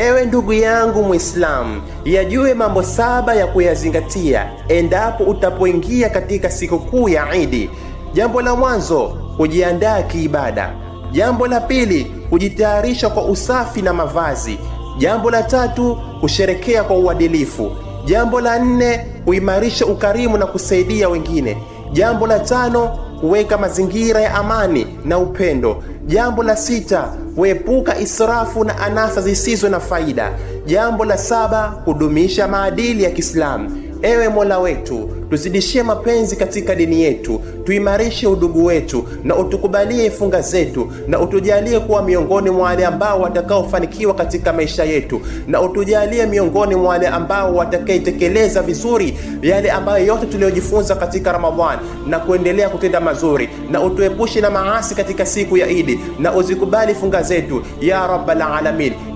Ewe ndugu yangu Mwislamu, yajue mambo saba ya kuyazingatia endapo utapoingia katika sikukuu ya Idi. Jambo la mwanzo, kujiandaa kiibada. Jambo la pili, kujitayarisha kwa usafi na mavazi. Jambo la tatu, kusherekea kwa uadilifu. Jambo la nne, kuimarisha ukarimu na kusaidia wengine. Jambo la tano, kuweka mazingira ya amani na upendo. Jambo la sita, kuepuka israfu na anasa zisizo na faida. Jambo la saba, kudumisha maadili ya Kiislamu. Ewe Mola wetu, tuzidishie mapenzi katika dini yetu, tuimarishe udugu wetu, na utukubalie funga zetu, na utujalie kuwa miongoni mwa wale ambao watakaofanikiwa katika maisha yetu, na utujalie miongoni mwa wale ambao watakaitekeleza vizuri yale ambayo yote tuliyojifunza katika ramadhan na kuendelea kutenda mazuri, na utuepushe na maasi katika siku ya Idi, na uzikubali funga zetu ya Rabbal Alamin.